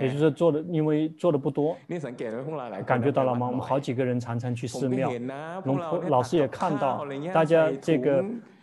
也就是做的，因為做的不多。感覺到了嗎？我們好幾個人常常去寺廟，隆波老師也看到大家這個。